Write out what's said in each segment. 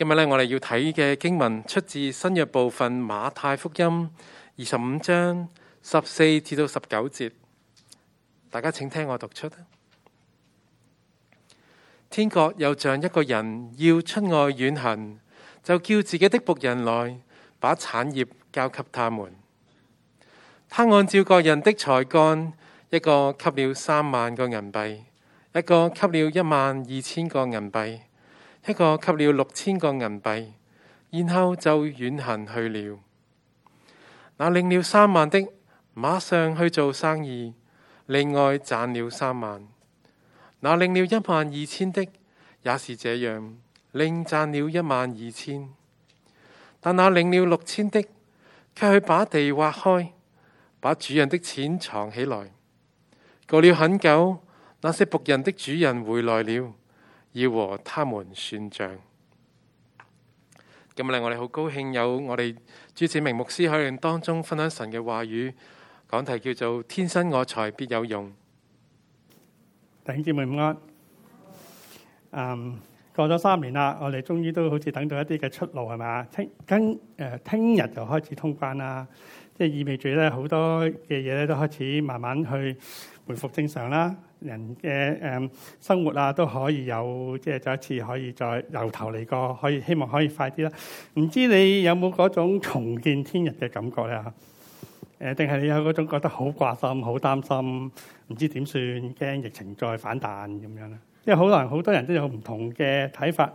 今日咧，我哋要睇嘅經文出自新約部分馬太福音二十五章十四至到十九節。大家請聽我讀出。天國又像一個人要出外遠行，就叫自己的僕人來，把產業交給他們。他按照各人的才幹，一個給了三萬個銀幣，一個給了一萬二千個銀幣。一個給了六千個銀幣，然後就遠行去了。那領了三萬的，馬上去做生意，另外賺了三萬。那領了一萬二千的，也是這樣，另賺了一萬二千。但那領了六千的，卻去把地挖開，把主人的錢藏起來。過了很久，那些僕人的主人回來了。要和他們算賬。咁令，我哋好高興有我哋朱子明牧師喺當中分享神嘅話語，講題叫做《天生我才必有用》。弟兄姊妹午安，嗯，um, 過咗三年啦，我哋終於都好似等到一啲嘅出路係嘛？聽，今誒聽日就開始通關啦，即係意味住咧好多嘅嘢咧都開始慢慢去。回復正常啦，人嘅誒生活啊都可以有，即係再一次可以再由頭嚟過，可以希望可以快啲啦。唔知道你有冇嗰種重見天日嘅感覺咧？嚇，誒定係你有嗰種覺得好掛心、好擔心，唔知點算，驚疫情再反彈咁樣咧？因為好多人好多人都有唔同嘅睇法。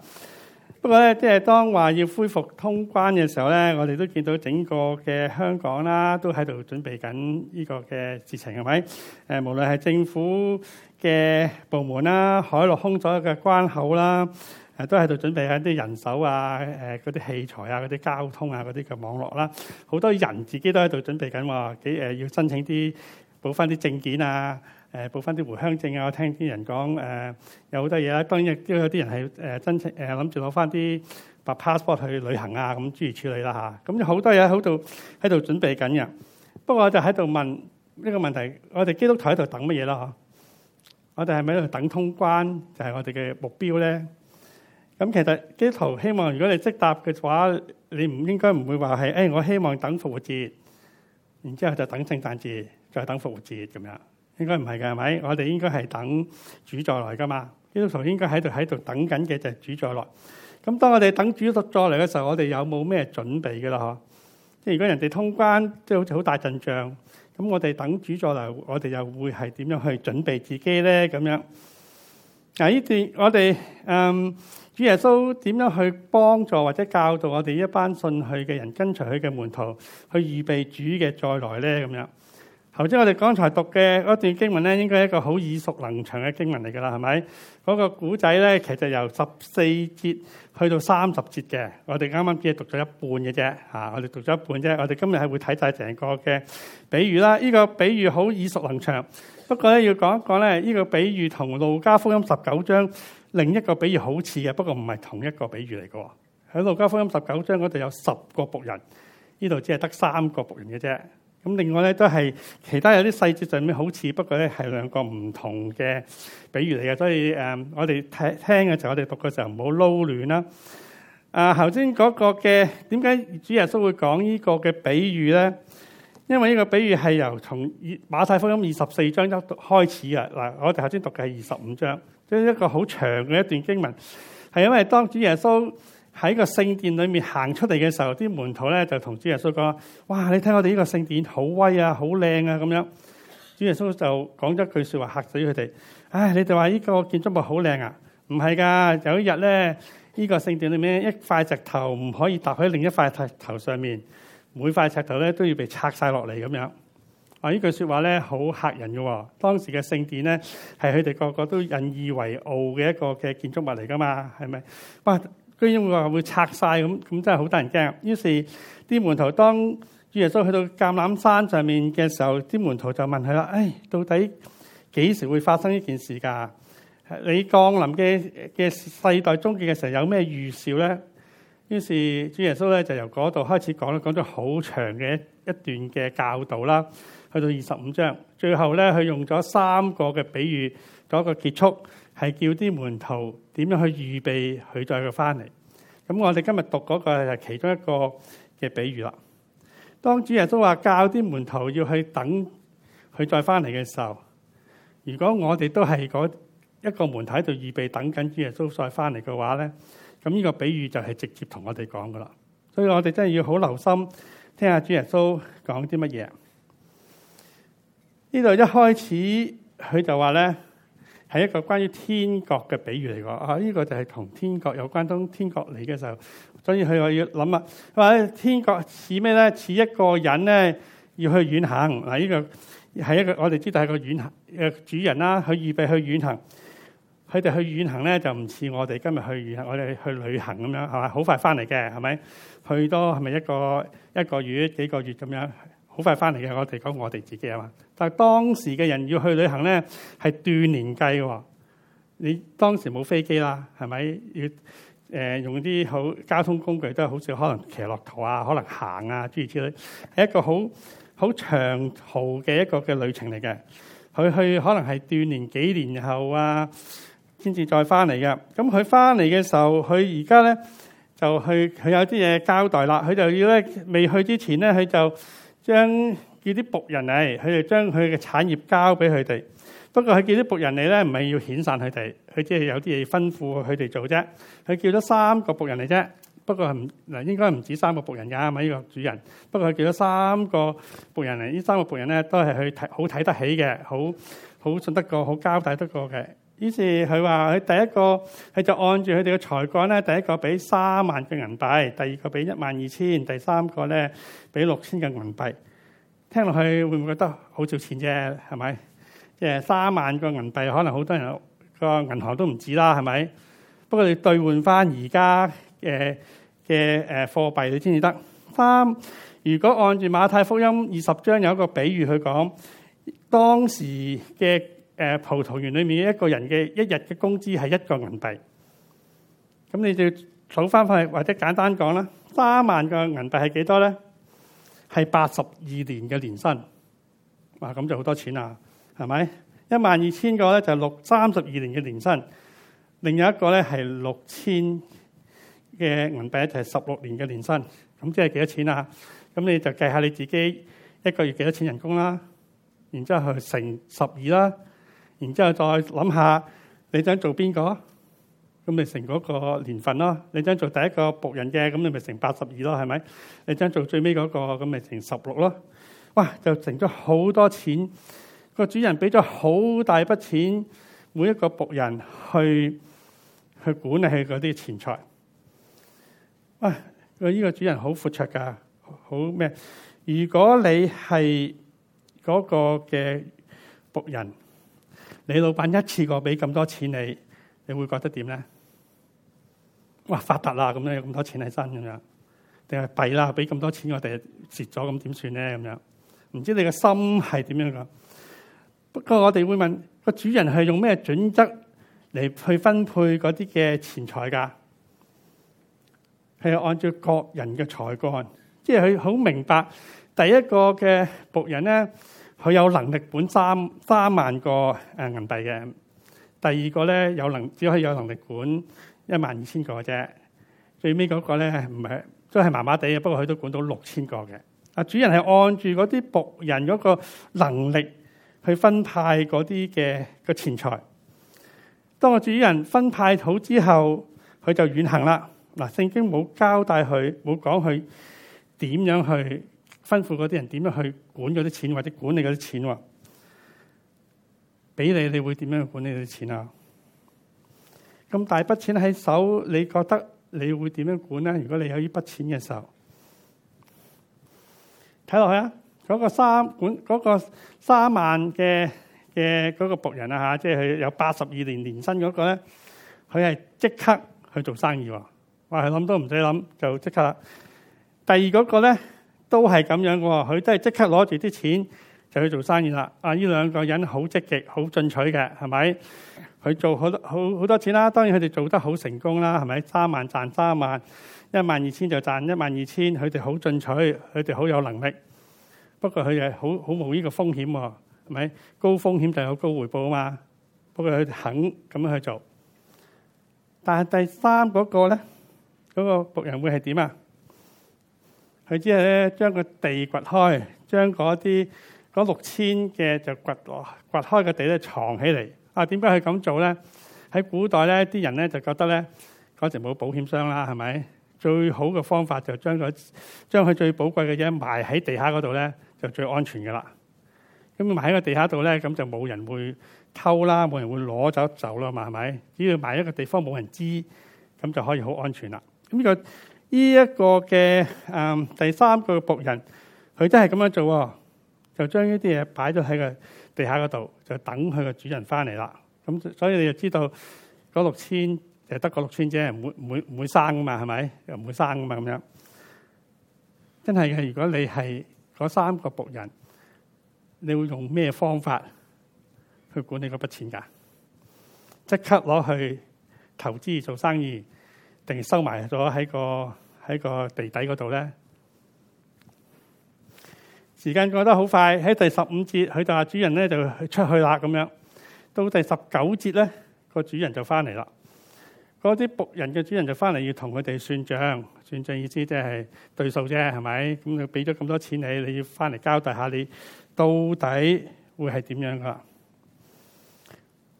不過咧，即係當話要恢復通關嘅時候咧，我哋都見到整個嘅香港啦，都喺度準備緊呢個嘅事情係咪？誒，無論係政府嘅部門啦、海陸空所有嘅關口啦，都喺度準備緊啲人手啊、嗰啲器材啊、嗰啲交通啊、嗰啲嘅網絡啦，好多人自己都喺度準備緊喎，要申請啲補返啲證件啊。誒報翻啲回鄉證啊！我聽啲人講誒、呃、有好多嘢啦。當然亦都有啲人係誒申請誒諗住攞翻啲 passport 去旅行啊咁，諸如處理啦嚇。咁、啊、好多嘢喺度喺度準備緊嘅。不過我就喺度問呢、呢個問題：我哋基督徒喺度等乜嘢啦？嗬？我哋係咪喺度等通關？就係、是、我哋嘅目標咧？咁其實基督徒希望，如果你即答嘅話，你唔應該唔會話係誒我希望等復活節，然之後就等聖誕節，再等復活節咁樣。應該唔係㗎，係咪？我哋應該係等主再來㗎嘛。基督徒應該喺度喺度等緊嘅就係主再來。咁當我哋等主再來嘅時候，我哋有冇咩準備㗎啦？嗬，即係如果人哋通關，即係好似好大陣仗，咁我哋等主再來，我哋又會係點樣去準備自己咧？咁樣嗱，呢段我哋嗯主耶穌點樣去幫助或者教導我哋一班信佢嘅人跟隨佢嘅門徒去預備主嘅再來咧？咁樣。頭先我哋剛才讀嘅一段經文咧，應該係一個好耳熟能詳嘅經文嚟㗎啦，係咪？嗰、那個故仔咧，其實由十四節去到三十節嘅，我哋啱啱只係讀咗一半嘅啫。嚇，我哋讀咗一半啫，我哋今日係會睇晒成個嘅比喻啦。呢、這個比喻好耳熟能詳，不過咧要講一講咧，呢、這個比喻同路加福音十九章另一個比喻好似嘅，不過唔係同一個比喻嚟嘅喎。喺路加福音十九章嗰度有十個僕人，呢度只係得三個僕人嘅啫。咁另外咧都係其他有啲細節上面好似，不過咧係兩個唔同嘅比喻嚟嘅，所以我哋聽嘅時候，我哋讀嘅時候唔好撈亂啦。啊，頭先嗰個嘅點解主耶穌會講呢個嘅比喻咧？因為呢個比喻係由從馬太福音二十四章一開始啊。嗱，我哋頭先讀嘅係二十五章，即係一個好長嘅一段經文，係因為當主耶穌。喺個聖殿裏面行出嚟嘅時候，啲門徒咧就同主耶穌講：，哇！你睇我哋呢個聖殿好威啊，好靚啊！咁樣，主耶穌就講咗句說話嚇死佢哋。唉，你哋話呢個建築物好靚啊？唔係噶，有一日咧，呢個聖殿裏面一塊石頭唔可以搭喺另一塊石頭上面，每塊石頭咧都要被拆晒落嚟咁樣。啊，呢句說話咧好嚇人嘅。當時嘅聖殿咧係佢哋個個都引以為傲嘅一個嘅建築物嚟噶嘛？係咪？哇！居然話會，會拆晒，咁，咁真係好得人驚。於是啲門徒當主耶穌去到橄欖山上面嘅時候，啲門徒就問佢啦：，誒、哎，到底幾時會發生呢件事㗎？你降臨嘅嘅世代終結嘅時候，有咩預兆咧？於是主耶穌咧就由嗰度開始講啦，講咗好長嘅一段嘅教導啦，去到二十五章，最後咧佢用咗三個嘅比喻，做一個結束。係叫啲門徒點樣去預備佢再去翻嚟。咁我哋今日讀嗰個係其中一個嘅比喻啦。當主耶穌話教啲門徒要去等佢再翻嚟嘅時候，如果我哋都係一個門徒喺度預備等緊主耶穌再翻嚟嘅話咧，咁呢個比喻就係直接同我哋講噶啦。所以我哋真係要好留心聽下主耶穌講啲乜嘢。呢度一開始佢就話咧。係一個關於天國嘅比喻嚟講，啊！呢個就係同天國有關，當天國嚟嘅時候，所以佢我要諗啊，話天國似咩咧？似一個人咧，要去遠行嗱，呢個係一個我哋知道係個遠行嘅主人啦，佢預備去遠行，佢哋去遠行咧就唔似我哋今日去遠行，我哋去旅行咁樣，係咪？好快翻嚟嘅，係咪？去多係咪一個一個月、幾個月咁樣？好快翻嚟嘅。我哋講我哋自己啊嘛，但係當時嘅人要去旅行咧，係鍛鍊計。你當時冇飛機啦，係咪要誒、呃、用啲好交通工具都係好少，可能騎駱駝啊，可能行啊諸如此類，係一個好好長途嘅一個嘅旅程嚟嘅。佢去可能係鍛鍊幾年後啊，先至再翻嚟嘅。咁佢翻嚟嘅時候，佢而家咧就去佢有啲嘢交代啦。佢就要咧未去之前咧，佢就。將叫啲僕人嚟，佢哋將佢嘅產業交俾佢哋。不過佢叫啲僕人嚟咧，唔係要遣散佢哋，佢即係有啲嘢吩咐佢哋做啫。佢叫咗三個僕人嚟啫。不過唔嗱，應該唔止三個僕人㗎，係咪呢個主人？不過佢叫咗三個僕人嚟，呢三個僕人咧都係佢睇好睇得起嘅，好好信得過，好交代得過嘅。於是佢話：佢第一個，佢就按住佢哋嘅才幹咧，第一個俾三萬個銀幣，第二個俾一萬二千，第三個咧俾六千個銀幣。聽落去會唔會覺得好少錢啫？係咪？誒，三萬個銀幣可能好多人個銀行都唔止啦，係咪？不過你兌換翻而家嘅嘅誒貨幣你先至得。三，如果按住馬太福音二十章有一個比喻去講，當時嘅。誒葡萄園裏面一個人嘅一日嘅工資係一個銀幣，咁你就數翻翻去，或者簡單講啦，三萬個銀幣係幾多咧？係八十二年嘅年薪，哇！咁就好多錢啊，係咪？一萬二千個咧就六三十二年嘅年薪，另一個咧係六千嘅銀幣就係十六年嘅年薪，咁即係幾多錢啊？咁你就計下你自己一個月幾多錢人工啦，然之後去乘十二啦。然之後再諗下，你想做邊個咁咪成嗰個年份咯？你想做第一個僕人嘅咁，你咪成八十二咯，係咪？你想做最尾嗰、嗰個咁咪成十六咯？哇！就成咗好多錢。個主人俾咗好大筆錢，每一個僕人去去管理嗰啲錢財。喂，個、這、呢個主人好闊綽㗎，好咩？如果你係嗰個嘅僕人。你老闆一次過俾咁多錢你，你會覺得點咧？哇，發達啦！咁樣有咁多錢係真咁樣，定係弊啦？俾咁多錢我哋蝕咗，咁點算咧？咁樣，唔知你嘅心係點樣噶？不過我哋會問個主人係用咩準則嚟去分配嗰啲嘅錢財噶？係按照各人嘅才幹，即係佢好明白第一個嘅僕人咧。佢有能力管三三萬個誒銀幣嘅，第二個咧有能只可以有能力管一萬二千個啫。最尾嗰個咧唔係都係麻麻地嘅，不過佢都管到六千個嘅。啊，主人係按住嗰啲僕人嗰個能力去分派嗰啲嘅個錢財。當個主人分派好之後，佢就遠行啦。嗱，聖經冇交代佢，冇講佢點樣去。吩咐嗰啲人點樣去管嗰啲錢，或者管理嗰啲錢喎？俾你，你會點樣去管理啲錢啊？咁大筆錢喺手，你覺得你會點樣管咧？如果你有呢筆錢嘅時候，睇落去啊，嗰個三管嗰個三萬嘅嘅嗰個僕人啊，嚇，即係佢有八十二年年薪嗰個咧，佢係即刻去做生意喎，話係諗都唔使諗就即刻啦。第二嗰個咧。都係咁樣嘅，佢都係即刻攞住啲錢就去做生意啦。啊，呢兩個人好積極、好進取嘅，係咪？佢做好多、好好多錢啦。當然佢哋做得好成功啦，係咪？三萬賺三萬，一萬二千就賺一萬二千。佢哋好進取，佢哋好有能力。不過佢哋好好無呢個風險，係咪？高風險就有高回報啊嘛。不過佢哋肯咁樣去做。但係第三嗰個咧，嗰個僕人會係點啊？佢之後咧，將個地掘開，將嗰啲六千嘅就掘掘開個地咧，藏起嚟。啊，點解佢咁做咧？喺古代咧，啲人咧就覺得咧嗰陣冇保險箱啦，係咪？最好嘅方法就將個將佢最寶貴嘅嘢埋喺地下嗰度咧，就最安全噶啦。咁埋喺個地下度咧，咁就冇人會偷啦，冇人會攞走走啦嘛，係咪？只要埋一個地方冇人知，咁就可以好安全啦。咁呢個。呢、這、一個嘅，誒、嗯，第三個僕人，佢真係咁樣做，就將呢啲嘢擺咗喺個地下嗰度，就等佢個主人翻嚟啦。咁所以你就知道嗰六千就得個六千啫，唔會唔會唔會生噶嘛，係咪？又唔會生噶嘛，咁樣。真係嘅，如果你係嗰三個僕人，你會用咩方法去管理嗰筆錢噶？即刻攞去投資做生意，定收埋咗喺個？喺個地底嗰度咧，時間過得好快。喺第十五節，佢就話主人咧就出去啦，咁樣。到第十九節咧，個主人就翻嚟啦。嗰啲僕人嘅主人就翻嚟，要同佢哋算賬。算賬意思即係對數啫，係咪？咁就俾咗咁多錢你，你要翻嚟交代一下你到底會係點樣噶。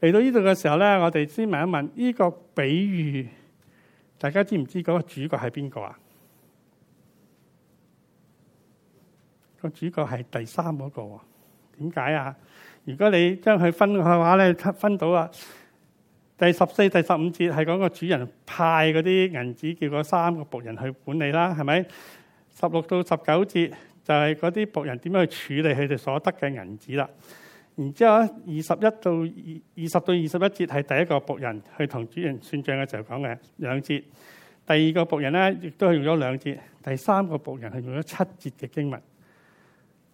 嚟到呢度嘅時候咧，我哋先問一問呢個比喻。大家知唔知嗰個主角係邊個啊？嗰個主角係第三嗰個，點解啊？如果你將佢分嘅話咧，你分到啊第十四、第十五節係講個主人派嗰啲銀紙，叫個三個僕人去管理啦，係咪？十六到十九節就係嗰啲僕人點樣去處理佢哋所得嘅銀紙啦。然之後，二十一到二二十到二十一節係第一個僕人去同主人算賬嘅時候講嘅兩節。第二個僕人咧亦都係用咗兩節。第三個僕人係用咗七節嘅經文。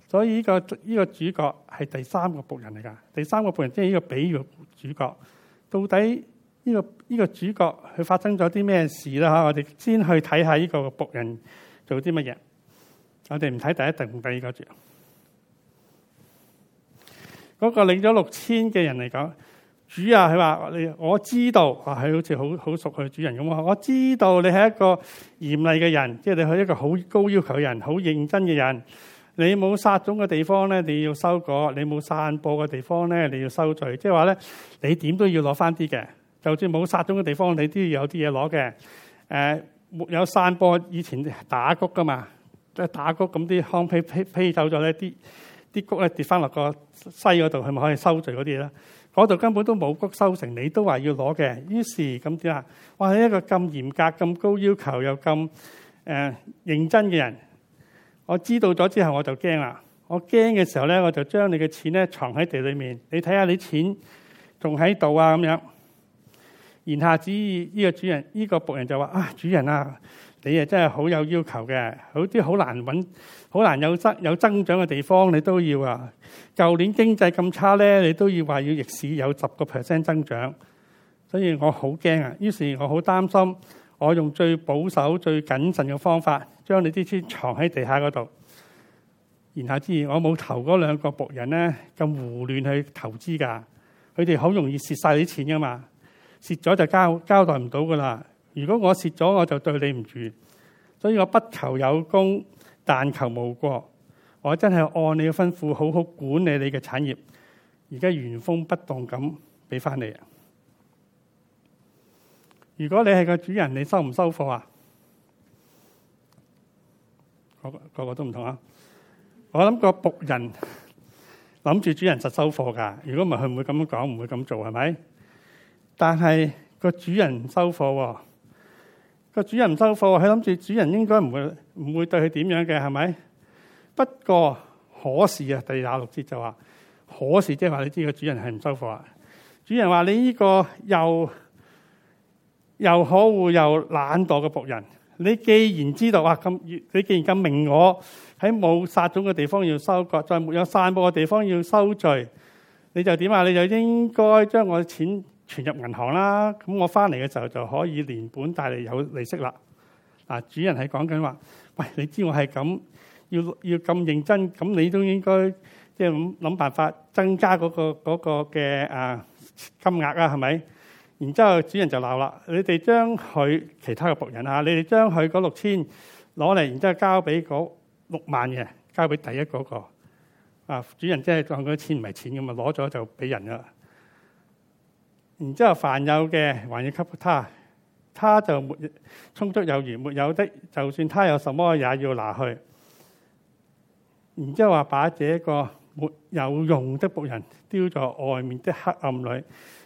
所以呢個呢個主角係第三個僕人嚟㗎。第三個僕人即係呢個比喻個主角。到底呢個呢個主角佢發生咗啲咩事啦？我哋先去睇下呢個僕人做啲乜嘢。我哋唔睇第一定第二個字。嗰、那個領咗六千嘅人嚟講，主啊，佢話：你我知道，話、啊、係好似好好熟佢主人咁啊！我知道你係一個嚴厲嘅人，即、就、係、是、你係一個好高要求嘅人，好認真嘅人。你冇撒種嘅地方咧，你要收果；你冇散播嘅地方咧，你要收罪。即係話咧，你點都要攞翻啲嘅。就算冇撒種嘅地方，你都要有啲嘢攞嘅。誒、呃，沒有散播，以前打谷㗎嘛，即係打谷咁啲糠批批批走咗呢啲。啲谷咧跌翻落個西嗰度，係咪可以收聚嗰啲咧？嗰度根本都冇谷收成，你都話要攞嘅。於是咁點啊？哇！一個咁嚴格、咁高要求又咁誒、呃、認真嘅人，我知道咗之後我就驚啦。我驚嘅時候咧，我就將你嘅錢咧藏喺地裏面。你睇下你錢仲喺度啊咁樣。言下之意，呢個主人，呢、呢個僕人就話啊，主人啊。你誒真係好有要求嘅，有啲好難搵，好難有增有增長嘅地方你都要啊！舊年經濟咁差咧，你都要話要逆市有十個 percent 增長，所以我好驚啊！於是，我好擔心，我用最保守、最謹慎嘅方法將你啲錢藏喺地下嗰度。然後之，我冇投嗰兩個僕人咧咁胡亂去投資㗎，佢哋好容易蝕晒啲錢㗎嘛，蝕咗就交交代唔到㗎啦。如果我蝕咗，我就對你唔住，所以我不求有功，但求無過。我真係按你嘅吩咐，好好管理你嘅產業，而家原封不動咁俾翻你。如果你係個主人，你收唔收貨啊？個個都唔同啊！我諗個僕人諗住主人實收貨噶，如果唔係，佢唔會咁樣講，唔會咁做，係咪？但係個主人收貨喎，啊。個主人唔收貨，佢諗住主人應該唔會唔會對佢點樣嘅，係咪？不過可是啊，第二十六節就話，可是即係話你知個主人係唔收貨啊！主人話你呢個又又可惡又懶惰嘅僕人，你既然知道哇，咁，你既然咁明我喺冇撒種嘅地方要收割，再沒有散播嘅地方要收罪，你就點啊？你就應該將我嘅錢。存入銀行啦，咁我翻嚟嘅時候就可以連本帶利有利息啦。啊，主人係講緊話，喂，你知我係咁，要要咁認真，咁你都應該即係諗辦法增加嗰個嗰個嘅啊金額啊，係咪？然之後主人就鬧啦，你哋將佢其他嘅僕人啊，你哋將佢嗰六千攞嚟，然之後交俾嗰六萬嘅，交俾第一嗰個。啊，主人即係當嗰啲錢唔係錢咁嘛，攞咗就俾人啦。然之後，凡有嘅還要給他，他就沒充足有餘；沒有的，就算他有什麼，也要拿去。然之後話把這個沒有用的僕人丟在外面的黑暗裏，在、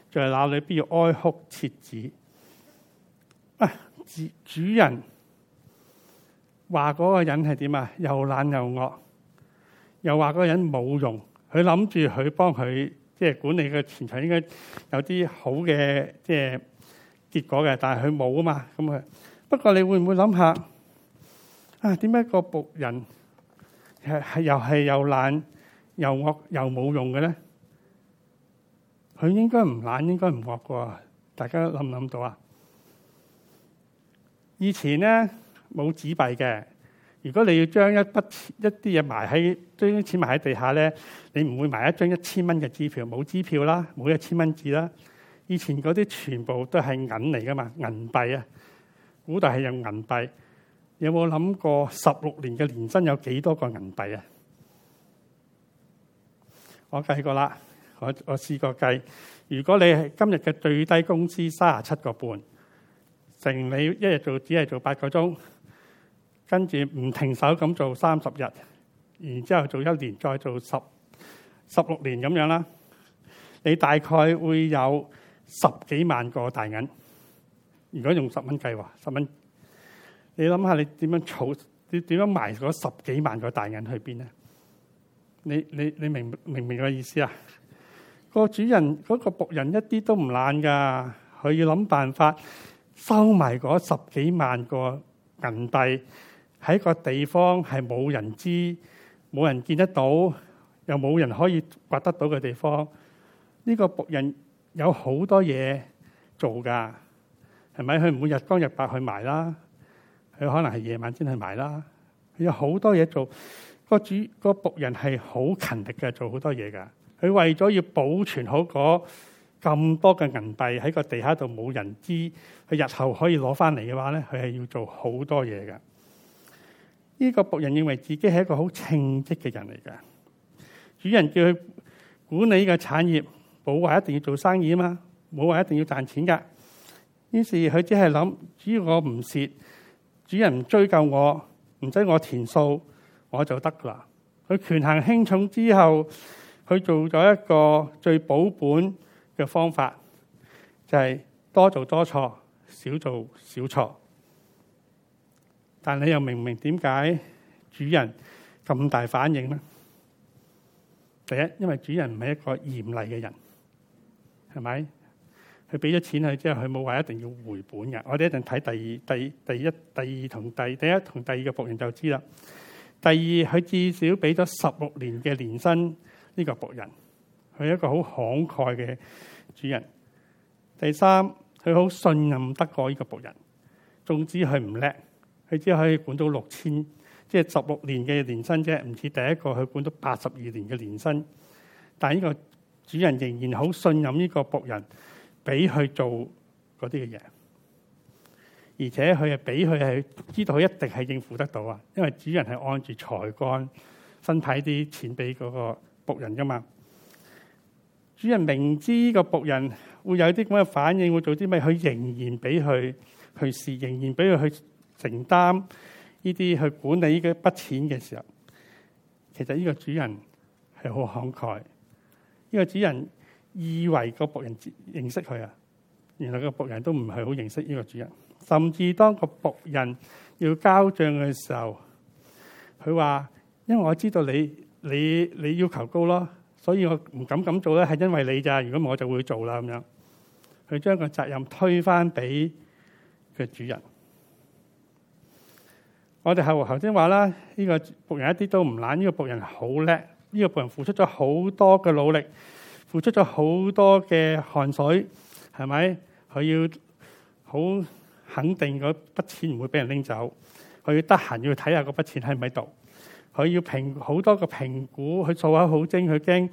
就是、那裏必要哀哭切齒。啊，主人話嗰個人係點啊？又懶又惡，又話嗰個人冇用，佢諗住佢幫佢。即係管理嘅前場應該有啲好嘅即係結果嘅，但係佢冇啊嘛。咁啊，不過你會唔會諗下啊？點解個僕人係係又係又懶又惡又冇用嘅咧？佢應該唔懶，應該唔惡嘅。大家諗唔諗到啊？以前咧冇紙幣嘅。如果你要將一筆一啲嘢埋喺將啲錢埋喺地下咧，你唔會埋一張一千蚊嘅支票，冇支票啦，冇一千蚊紙啦。以前嗰啲全部都係銀嚟噶嘛，銀幣啊，古代係用銀幣。有冇諗過十六年嘅年薪有幾多個銀幣啊？我計過啦，我我試過計。如果你係今日嘅最低工資三十七個半，成你一日做只係做八個鐘。跟住唔停手咁做三十日，然之後做一年，再做十十六年咁樣啦。你大概會有十幾萬個大銀。如果用十蚊計話，十蚊，你諗下你點樣儲？你點樣埋嗰十幾萬個大銀去邊咧？你你你明明唔明個意思啊？個主人嗰個僕人一啲都唔懶噶，佢要諗辦法收埋嗰十幾萬個銀幣。喺個地方係冇人知、冇人見得到，又冇人可以掘得到嘅地方，呢、這個僕人有好多嘢做噶。係咪佢唔會日光日白去埋啦？佢可能係夜晚先去埋啦。佢有好多嘢做，個主個僕人係好勤力嘅，做好多嘢噶。佢為咗要保存好嗰咁多嘅銀幣喺個地下度冇人知，佢日後可以攞翻嚟嘅話咧，佢係要做好多嘢噶。呢、這個僕人認為自己係一個好稱職嘅人嚟嘅，主人叫佢管理呢個產業，冇話，一定要做生意啊嘛，冇話一定要賺錢噶。於是佢只係諗，只要我唔蝕，主人唔追究我，唔使我填數，我就得啦。佢權衡輕重之後，佢做咗一個最保本嘅方法，就係、是、多做多錯，少做少錯。但你又明明點解主人咁大反應咧？第一，因為主人唔係一個嚴厲嘅人，係咪？佢俾咗錢佢之後，佢冇話一定要回本嘅。我哋一定睇第第第一第二同第第一同第二個僕人就知啦。第二，佢至少俾咗十六年嘅年薪呢個僕人，佢係一個好慷慨嘅主人。第三，佢好信任得過呢個僕人，總之，佢唔叻。佢只可以管到六千，即係十六年嘅年薪啫，唔似第一個佢管到八十二年嘅年薪。但係呢個主人仍然好信任呢個僕人，俾佢做嗰啲嘅嘢，而且佢係俾佢係知道佢一定係應付得到啊，因為主人係按住財幹分派啲錢俾嗰個僕人㗎嘛。主人明知呢個僕人會有啲咁嘅反應，會做啲咩，佢仍然俾佢去試，仍然俾佢去。承擔呢啲去管理呢筆錢嘅時候，其實呢個主人係好慷慨。呢個主人以為個僕人認識佢啊，原來個僕人都唔係好認識呢個主人。甚至當個僕人要交賬嘅時候，佢話：因為我知道你你你要求高咯，所以我唔敢咁做咧，係因為你咋？如果我就會做啦咁樣，佢將個責任推翻俾個主人。我哋後頭先話啦，呢個僕人一啲都唔懶，呢個僕人好叻，呢個僕人付出咗好多嘅努力，付出咗好多嘅汗水，係咪？佢要好肯定嗰筆錢唔會俾人拎走，佢要得閒要睇下嗰筆錢喺唔喺度，佢要評好多個評估，佢數口好精，佢驚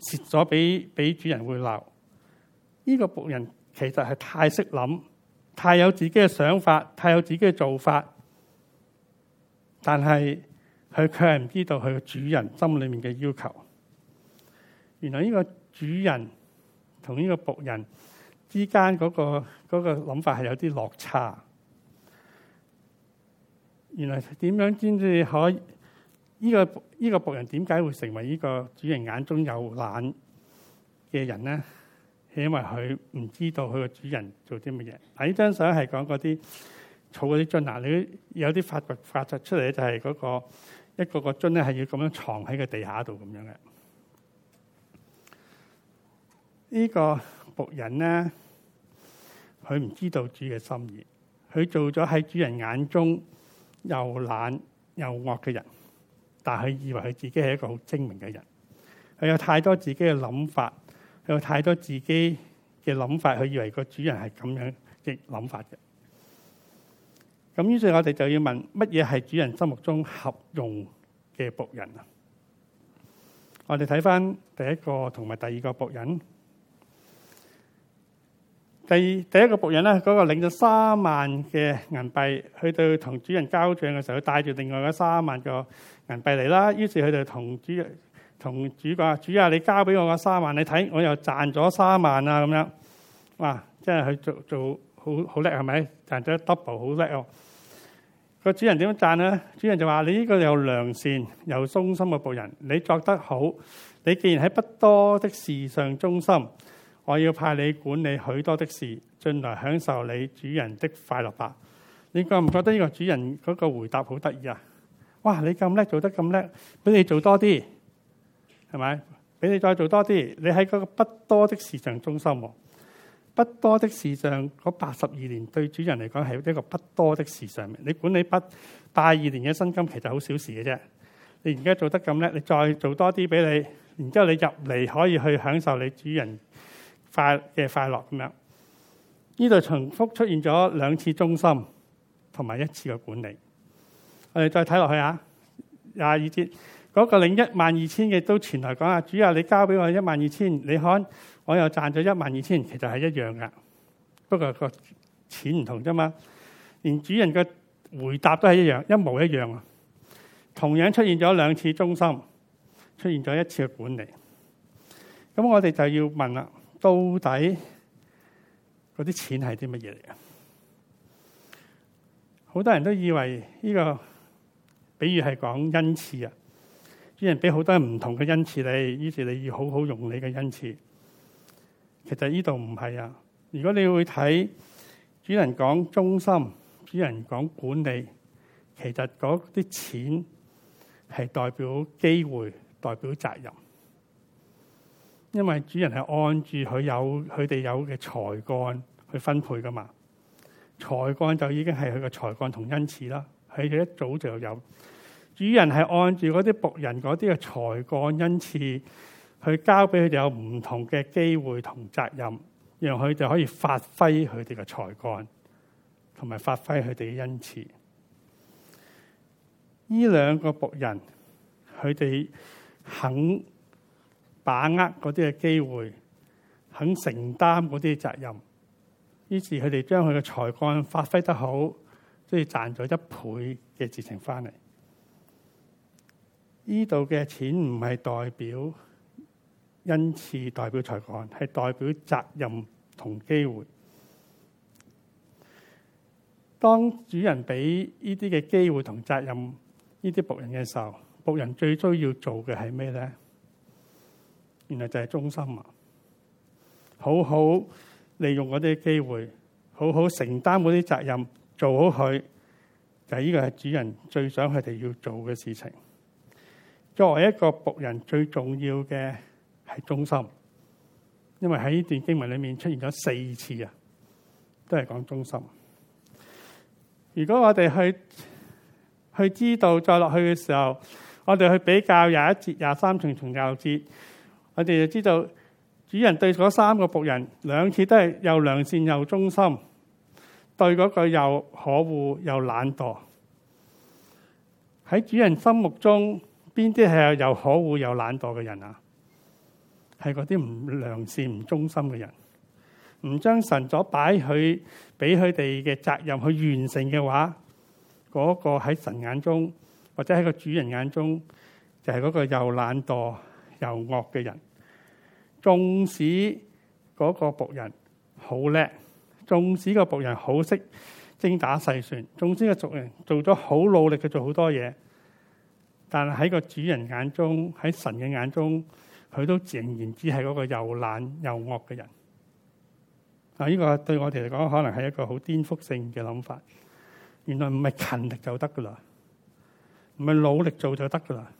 蝕咗俾俾主人會鬧。呢個僕人其實係太識諗，太有自己嘅想法，太有自己嘅做法。但係佢卻係唔知道佢個主人心裏面嘅要求。原來呢個主人同呢個僕人之間嗰個嗰個諗法係有啲落差。原來點樣先至可以，呢個？呢、呢個呢個僕人點解會成為呢個主人眼中有懶嘅人呢？係因為佢唔知道佢個主人做啲乜嘢。喺張相係講嗰啲。儲嗰啲樽呀，你有啲發掘發掘出嚟咧，那個，就係嗰個一個個樽咧，係要咁樣藏喺個地下度咁樣嘅。呢、這個僕人咧，佢唔知道主嘅心意，佢做咗喺主人眼中又懶又惡嘅人，但係佢以為佢自己係一個好精明嘅人，佢有太多自己嘅諗法，佢有太多自己嘅諗法，佢以為個主人係咁樣嘅諗法嘅。咁於是，我哋就要問乜嘢係主人心目中合用嘅僕人啊？我哋睇翻第一個同埋第二個僕人。第二，第一個僕人咧，嗰個領咗三萬嘅銀幣，去到同主人交帳嘅時候，佢帶住另外嘅三萬個銀幣嚟啦。於是佢就同主同主管，主啊，你交俾我嘅三萬，你睇我又賺咗三萬啊！咁樣，哇，即係去做做。好好叻，係咪？賺咗 double 好叻哦！個主人點樣讚呢？主人就話：你呢個有良善、有忠心嘅僕人，你做得好。你既然喺不多的事上忠心，我要派你管理許多的事，進來享受你主人的快樂吧。你覺唔覺得呢個主人嗰個回答好得意啊？哇！你咁叻，做得咁叻，俾你做多啲係咪？俾你再做多啲，你喺嗰個不多的事上忠心喎。不多的事上，嗰八十二年對主人嚟講係一個不多的事上。你管理八十二年嘅薪金，其實好小事嘅啫。你而家做得咁叻，你再做多啲俾你，然之後你入嚟可以去享受你主人的快嘅快樂咁樣。呢度重複出現咗兩次忠心，同埋一次嘅管理。我哋再睇落去啊，廿二節嗰個領一萬二千嘅都前來講啊，主啊，你交俾我一萬二千，你看。我又賺咗一萬二千，其實係一樣嘅，不過個錢唔同啫嘛。連主人嘅回答都係一樣，一模一樣啊。同樣出現咗兩次中心，出現咗一次嘅管理。咁我哋就要問啦：到底嗰啲錢係啲乜嘢嚟啊？好多人都以為呢、這個，比喻係講恩賜啊，主人俾好多唔同嘅恩賜你，於是你要好好用你嘅恩賜。其實呢度唔係啊！如果你會睇主人講忠心，主人講管理，其實嗰啲錢係代表機會，代表責任。因為主人係按住佢有佢哋有嘅才幹去分配㗎嘛，才幹就已經係佢嘅才幹同恩賜啦。佢一早就有主人係按住嗰啲僕人嗰啲嘅才幹恩賜。佢交俾佢哋有唔同嘅機會同責任，讓佢哋可以發揮佢哋嘅才幹，同埋發揮佢哋嘅恩賜。呢兩個僕人，佢哋肯把握嗰啲嘅機會，肯承擔嗰啲嘅責任，於是佢哋將佢嘅才幹發揮得好，所以賺咗一倍嘅事情翻嚟。呢度嘅錢唔係代表。因此，代表才幹係代表責任同機會。當主人俾呢啲嘅機會同責任呢啲僕人嘅時候，僕人最需要做嘅係咩咧？原來就係忠心啊！好好利用嗰啲機會，好好承擔嗰啲責任，做好佢就係呢個係主人最想佢哋要做嘅事情。作為一個僕人，最重要嘅。係忠心，因為喺呢段經文裏面出現咗四次啊，都係講忠心。如果我哋去去知道再落去嘅時候，我哋去比較廿一節、廿三、廿廿六節，我哋就知道主人對嗰三個僕人兩次都係又良善又忠心，對嗰個又可惡又懶惰。喺主人心目中，邊啲係又可惡又懶惰嘅人啊？係嗰啲唔良善、唔忠心嘅人，唔將神所擺佢俾佢哋嘅責任去完成嘅話，嗰個喺神眼中或者喺個主人眼中，就係嗰個又懶惰又惡嘅人。縱使嗰個僕人好叻，縱使個僕人好識精打細算，縱使個族人做咗好努力嘅做好多嘢，但係喺個主人眼中，喺神嘅眼中。佢都仍然只係嗰個又懶又惡嘅人。啊，呢個對我哋嚟講，可能係一個好顛覆性嘅諗法。原來唔係勤力就得噶啦，唔係努力做就得噶啦。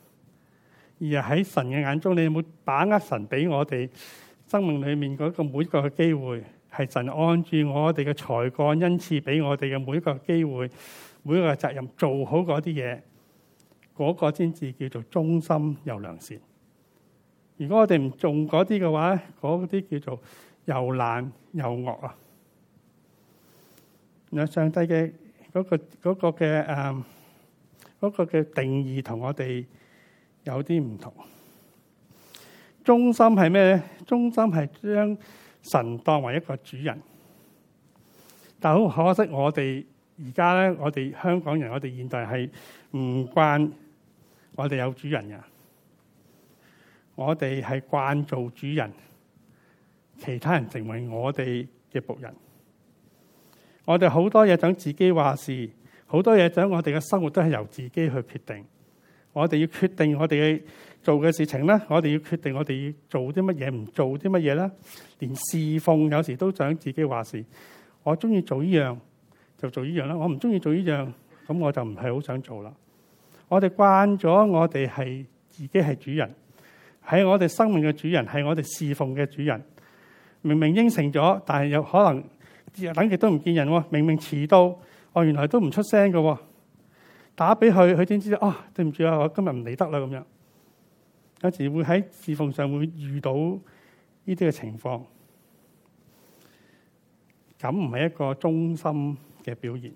而係喺神嘅眼中，你有冇把握神俾我哋生命裏面嗰個每一個機會，係神按住我哋嘅才幹恩賜俾我哋嘅每一個機會，每一個責任做好嗰啲嘢，嗰個先至叫做忠心又良善。如果我哋唔做嗰啲嘅話，嗰啲叫做又懶又惡啊！若上帝嘅嗰個嗰個嘅誒嗰個嘅定義同我哋有啲唔同，忠心係咩咧？忠心係將神當為一個主人，但好可惜我們現在，我哋而家咧，我哋香港人，我哋現代係唔慣我哋有主人嘅。我哋係慣做主人，其他人成為我哋嘅僕人。我哋好多嘢想自己話事，好多嘢想我哋嘅生活都係由自己去決定。我哋要決定我哋嘅做嘅事情咧，我哋要決定我哋要做啲乜嘢，唔做啲乜嘢咧。連侍奉有時都想自己話事。我中意做呢樣就做呢樣啦，我唔中意做呢樣咁我就唔係好想做啦。我哋慣咗我哋係自己係主人。喺我哋生命嘅主人，係我哋侍奉嘅主人。明明應承咗，但係又可能等極都唔見人。明明遲到，哦原來都唔出聲嘅。打俾佢，佢先知道。啊、哦，對唔住啊，我今日唔嚟得啦咁樣。有時會喺侍奉上會遇到呢啲嘅情況，咁唔係一個忠心嘅表現。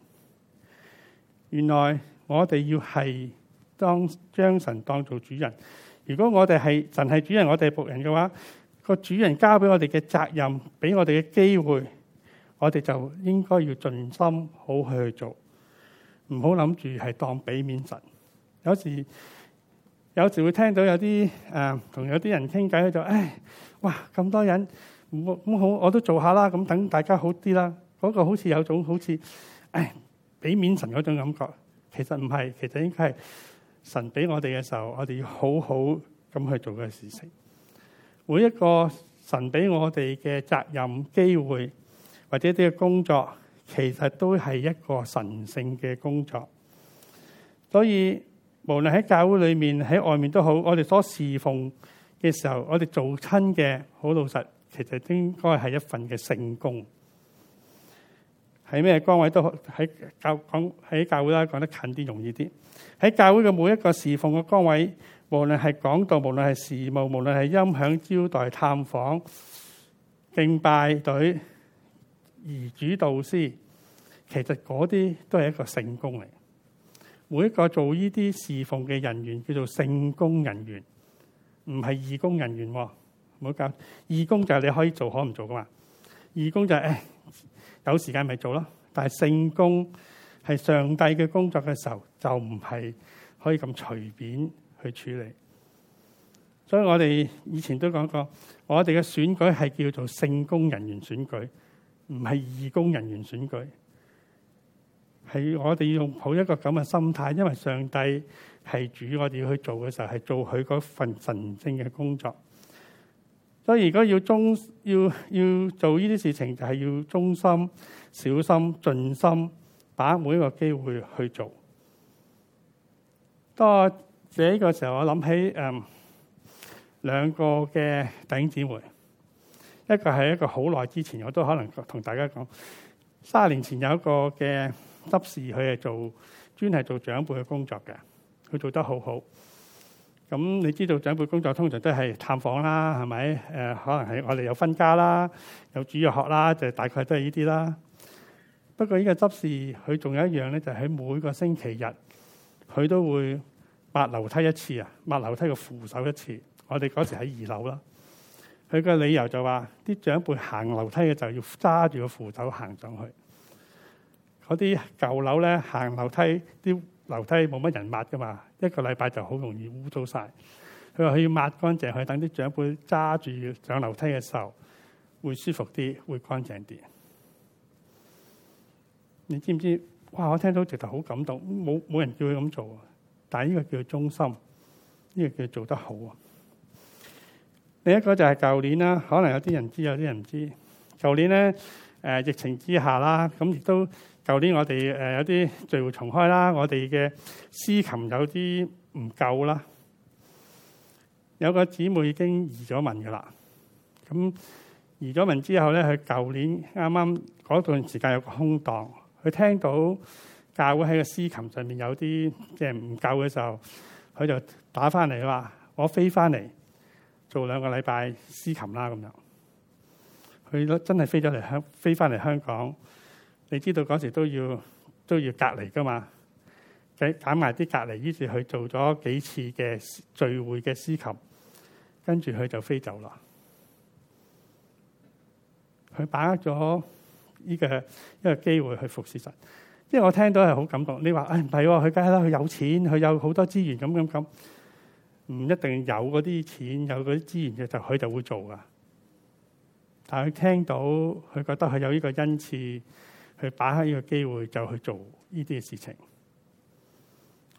原來我哋要係當將神當做主人。如果我哋係神係主人，我哋係僕人嘅話，個主人交俾我哋嘅責任，俾我哋嘅機會，我哋就應該要盡心好去做，唔好諗住係當俾面神。有時，有時會聽到有啲誒，同、呃、有啲人傾偈咧，就唉，哇咁多人，咁好，我都做下啦，咁等大家好啲啦。嗰個好似有種好似，唉，俾面神嗰種感覺，其實唔係，其實應該係。神俾我哋嘅時候，我哋要好好咁去做嘅事情。每一個神俾我哋嘅責任、機會或者啲嘅工作，其實都係一個神聖嘅工作。所以無論喺教會裏面、喺外面都好，我哋所侍奉嘅時候，我哋做親嘅好老實，其實應該係一份嘅聖工。喺咩崗位都好，喺教講喺教會啦，講得近啲容易啲。喺教會嘅每一個侍奉嘅崗位，無論係講道，無論係事務，無論係音響、招待、探訪、敬拜隊、義主導師，其實嗰啲都係一個聖工嚟。每一個做呢啲侍奉嘅人員叫做聖工人員，唔係義工人員。唔好搞義工就係你可以做可唔做噶嘛？義工就係、是。有時間咪做咯，但係聖工係上帝嘅工作嘅時候，就唔係可以咁隨便去處理。所以我哋以前都講過，我哋嘅選舉係叫做聖工人員選舉，唔係義工人員選舉。係我哋要用好一個咁嘅心態，因為上帝係主，我哋要去做嘅時候，係做佢嗰份神聖嘅工作。所以如果要忠要要做呢啲事情，就係、是、要忠心、小心、盡心，把握每一個機會去做。當我這個時候，我諗起兩、嗯、個個嘅弟兄姊妹，一個係一個好耐之前，我都可能同大家講，三十年前有一個嘅執事，佢係做專係做長輩嘅工作嘅，佢做得好好。咁你知道長輩工作通常都係探訪啦，係咪？誒、呃，可能係我哋有分家啦，有主要學啦，就大概都係呢啲啦。不過呢個執事佢仲有一樣咧，就喺、是、每個星期日，佢都會抹樓梯一次啊，抹樓梯個扶手一次。我哋嗰時喺二樓啦，佢嘅理由就話、是：啲長輩行樓梯嘅就要揸住個扶手行上去。嗰啲舊樓咧，行樓梯啲。樓梯冇乜人抹噶嘛，一個禮拜就好容易污糟晒。佢話佢要抹乾淨，佢等啲長輩揸住上樓梯嘅時候會舒服啲，會乾淨啲。你知唔知？哇！我聽到直頭好感動，冇冇人叫佢咁做啊！但係呢個叫做忠心，呢、這個叫做得好啊。另一個就係舊年啦，可能有啲人知，有啲人唔知。舊年咧，誒、呃、疫情之下啦，咁亦都。舊年我哋誒有啲聚會重開啦，我哋嘅司琴有啲唔夠啦，有個姊妹已經移咗民㗎喇，咁移咗民之後咧，佢舊年啱啱嗰段時間有個空檔，佢聽到教會喺個司琴上面有啲即係唔夠嘅時候，佢就打返嚟話：我飛返嚟做兩個禮拜司琴啦咁樣。佢真係飛咗嚟香，飛返嚟香港。你知道嗰時都要都要隔離㗎嘛？減減埋啲隔離，於是佢做咗幾次嘅聚會嘅絲琴，跟住佢就飛走啦。佢把握咗呢、呢個一、呢個機會去服侍神，即係我聽到係好感動。你話誒，唔係佢梗係啦，佢、哎啊、有錢，佢有好多資源，咁咁咁，唔一定有嗰啲錢有嗰啲資源嘅就佢就會做㗎。但佢聽到佢覺得佢有呢個恩賜。去把握呢個機會就去做呢啲嘅事情，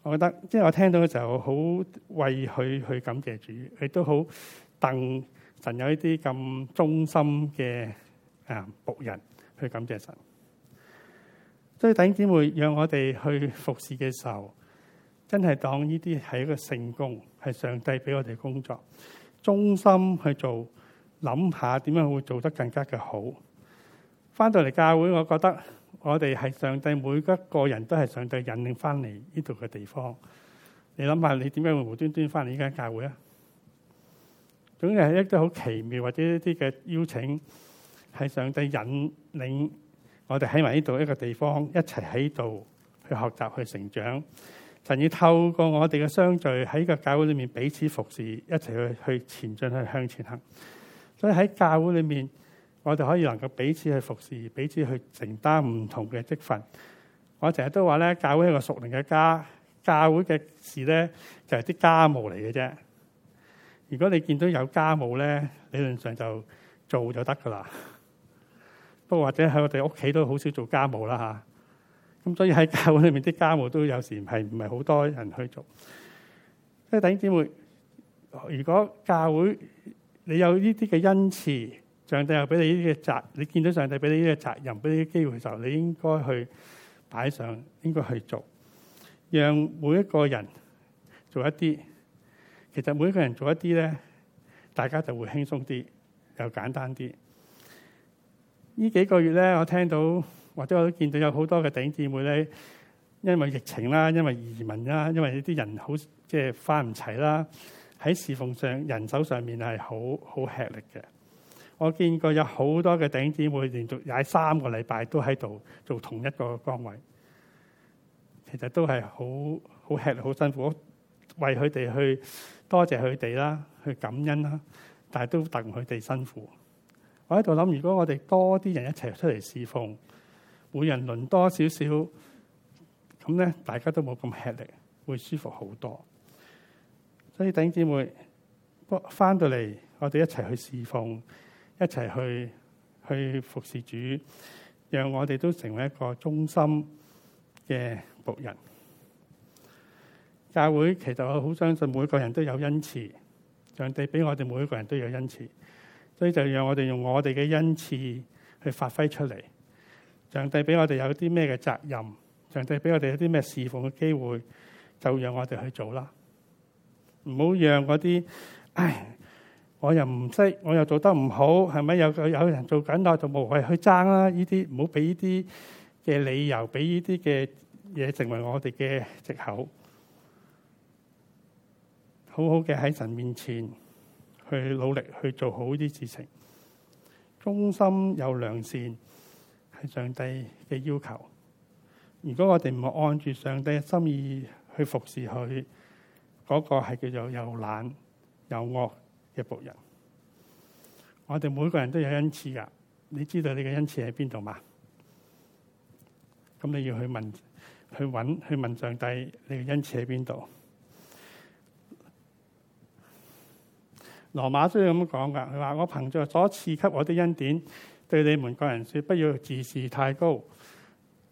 我覺得即係我聽到嘅時候好為佢去感謝主，亦都好鄧神有一啲咁忠心嘅啊僕人去感謝神，所以弟兄姊妹讓我哋去服侍嘅時候，真係當呢啲係一個聖工，係上帝俾我哋工作，忠心去做，諗下點樣會做得更加嘅好。翻到嚟教會，我覺得我哋係上帝每一個人都係上帝引領翻嚟呢度嘅地方。你諗下，你點解會無端端翻嚟呢間教會啊？總嘅係一啲好奇妙或者一啲嘅邀請，係上帝引領我哋喺埋呢度一個地方，一齊喺度去學習去成長。神要透過我哋嘅相聚喺個教會裏面彼此服侍，一齊去去前進去向前行。所以喺教會裏面。我哋可以能夠彼此去服侍，彼此去承擔唔同嘅職份。我成日都話咧，教會係個屬靈嘅家，教會嘅事咧就係、是、啲家務嚟嘅啫。如果你見到有家務咧，理論上就做就得噶啦。不過或者喺我哋屋企都好少做家務啦嚇。咁、啊、所以喺教會裏面啲家務都有時唔係唔係好多人去做。即係弟兄姊妹，如果教會你有呢啲嘅恩賜。上帝又俾你呢啲嘅責，你見到上帝俾你呢個責任，俾你機會嘅時候，你應該去擺上，應該去做，讓每一個人做一啲。其實每一個人做一啲咧，大家就會輕鬆啲，又簡單啲。呢幾個月咧，我聽到或者我都見到有好多嘅頂姊妹咧，因為疫情啦，因為移民啦，因為呢啲人好即係返唔齊啦，喺侍奉上人手上面係好好吃力嘅。我見過有好多嘅頂姊妹連續踩三個禮拜都喺度做同一個崗位，其實都係好好吃力、好辛苦。為佢哋去多謝佢哋啦，去感恩啦，但係都戥佢哋辛苦。我喺度諗，如果我哋多啲人一齊出嚟侍奉，每人輪多少少，咁咧大家都冇咁吃力，會舒服好多。所以頂姊妹，返到嚟我哋一齊去侍奉。一齊去去服侍主，讓我哋都成為一個忠心嘅僕人。教會其實我好相信每個人都有恩賜，上帝俾我哋每一個人都有恩賜，所以就讓我哋用我哋嘅恩賜去發揮出嚟。上帝俾我哋有啲咩嘅責任，上帝俾我哋有啲咩侍奉嘅機會，就讓我哋去做啦。唔好讓嗰啲，唉。我又唔識，我又做得唔好，係咪有有人做緊，我就無謂去爭啦。呢啲唔好俾呢啲嘅理由，俾呢啲嘅嘢成為我哋嘅藉口。好好嘅喺神面前去努力去做好呢啲事情，忠心有良善係上帝嘅要求。如果我哋唔按住上帝嘅心意去服侍佢，嗰個係叫做又懶又惡。僕人，我哋每個人都有恩賜噶，你知道你嘅恩賜喺邊度嘛？咁你要去問、去搵、去問上帝你，你嘅恩賜喺邊度？羅馬書要咁講噶，佢話我憑着所賜給我的恩典，對你們各人說，不要自視太高，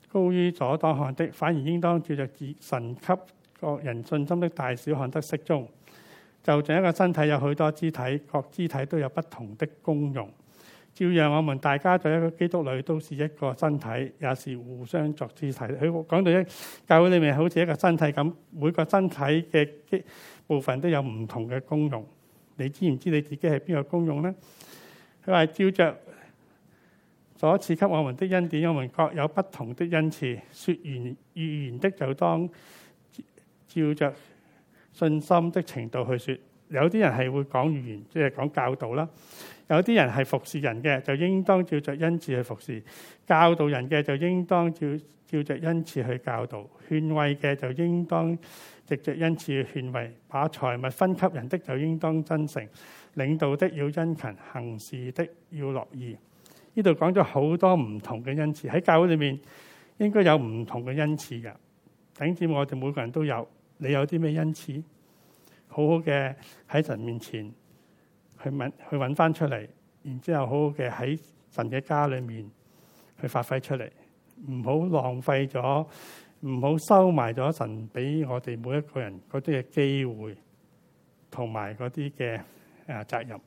高於所當看的，反而應當照着自神給各人信心的大小看得適中。就像一個身體有許多肢體，各肢體都有不同的功用。照樣，我們大家在一個基督裏都是一個身體，也是互相作肢體。佢講到一教會裏面好似一個身體咁，每個身體嘅部分都有唔同嘅功用。你知唔知你自己係邊個功用呢？佢話照着所賜給我們的恩典，我們各有不同的恩賜。說完預言的，就當照着，信心的程度去說，有啲人係會講語言，即係講教導啦；有啲人係服侍人嘅，就應當照着恩賜去服侍；教導人嘅就應當照照着恩賜去教導；勸慰嘅就應當直著恩賜去勸慰；把財物分給人的就應當真誠；領導的要殷勤，行事的要樂意。呢度講咗好多唔同嘅恩賜，喺教會裏面應該有唔同嘅恩賜嘅頂尖，我哋每個人都有。你有啲咩恩賜？好好嘅喺神面前去問，去揾翻出嚟，然之後好好嘅喺神嘅家裏面去發揮出嚟，唔好浪費咗，唔好收埋咗神俾我哋每一個人嗰啲嘅機會，同埋嗰啲嘅誒責任。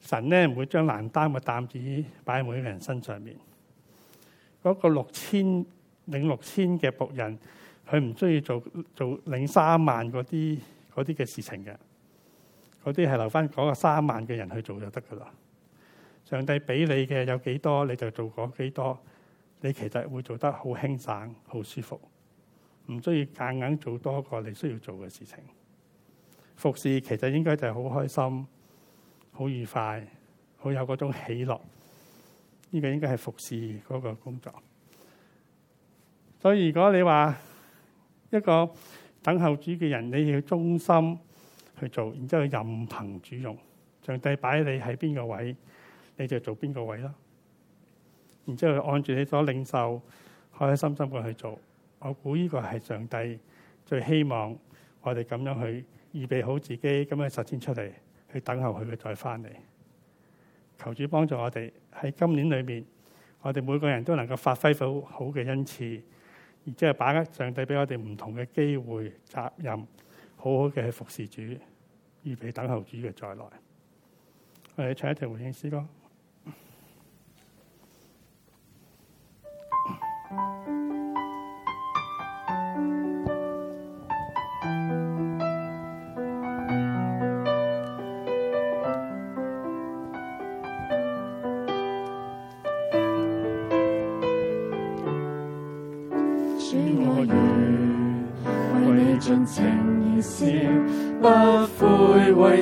神咧唔會將難擔嘅擔子擺喺每一個人身上面。嗰、那個六千領六千嘅僕人。佢唔需要做做領三萬嗰啲啲嘅事情嘅，嗰啲係留翻嗰個三萬嘅人去做就得噶啦。上帝俾你嘅有幾多你就做嗰幾多，你其實會做得好輕鬆、好舒服。唔需要硬硬做多過你需要做嘅事情。服侍其實應該就係好開心、好愉快、好有嗰種喜樂。呢個應該係服侍嗰個工作。所以如果你話，一個等候主嘅人，你要忠心去做，然之後任憑主用，上帝擺你喺邊個位，你就做邊個位啦。然之後按住你所領受，開開心心咁去做。我估呢個係上帝最希望我哋咁樣去預備好自己，咁樣實踐出嚟，去等候佢嘅再翻嚟。求主幫助我哋喺今年裏面，我哋每個人都能夠發揮到好嘅恩賜。即係把握上帝畀我哋唔同嘅機會、責任，好好嘅服侍主，預備等候主嘅再來。我哋唱一條回應詩歌。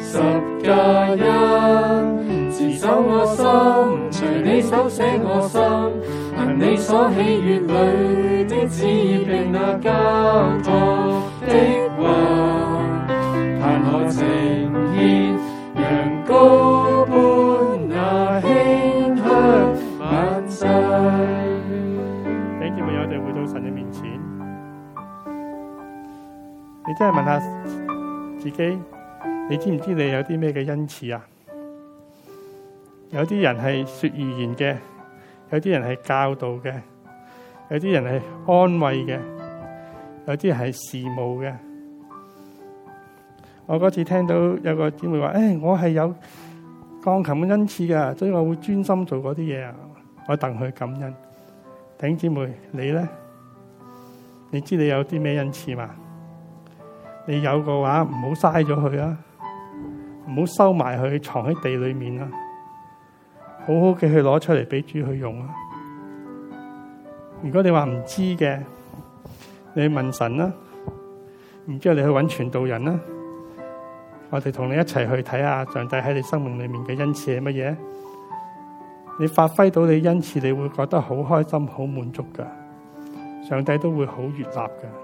十加一，持守我心，隨你手寫我心，憑你所喜悅裏的旨意，並那交託的話，盼何呈現，陽光般那馨香滿世。弟兄們，我哋回到神嘅面前，你真係問下自己。GK? 你知唔知你有啲咩嘅恩賜啊？有啲人係說預言嘅，有啲人係教導嘅，有啲人係安慰嘅，有啲係事務嘅。我嗰次聽到有個姊妹話：誒、哎，我係有鋼琴嘅恩賜嘅，所以我會專心做嗰啲嘢啊。我戥佢感恩。頂姊妹，你咧？你知你有啲咩恩賜嘛？你有嘅話唔好嘥咗佢啊！不要唔好收埋佢，藏喺地裏面啦，好好嘅去攞出嚟俾主去用啦。如果你話唔知嘅，你去問神啦，然之後你去搵傳道人啦，我哋同你一齊去睇下上帝喺你生命裏面嘅恩賜係乜嘢。你發揮到你恩賜，你會覺得好開心、好滿足噶。上帝都會好悅納㗎。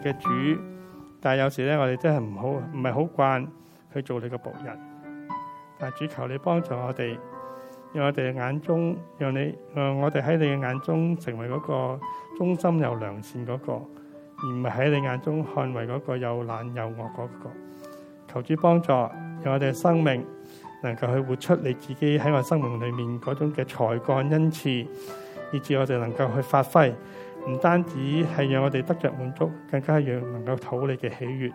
嘅主，但係有時咧，我哋真係唔好，唔係好慣去做你嘅僕人。但主求你幫助我哋，讓我哋眼中，讓你誒，我哋喺你嘅眼中成為嗰個忠心又良善嗰個，而唔係喺你眼中捍衛嗰個又懶又惡嗰個。求主幫助，讓我哋嘅生命能夠去活出你自己喺我生命裏面嗰種嘅才幹恩賜，以至我哋能夠去發揮。唔單止係讓我哋得着滿足，更加讓能夠討你嘅喜悅。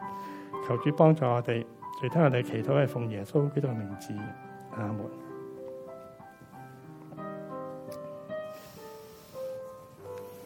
求主幫助我哋，最聽我哋祈禱係奉耶穌基督嘅名字，阿門。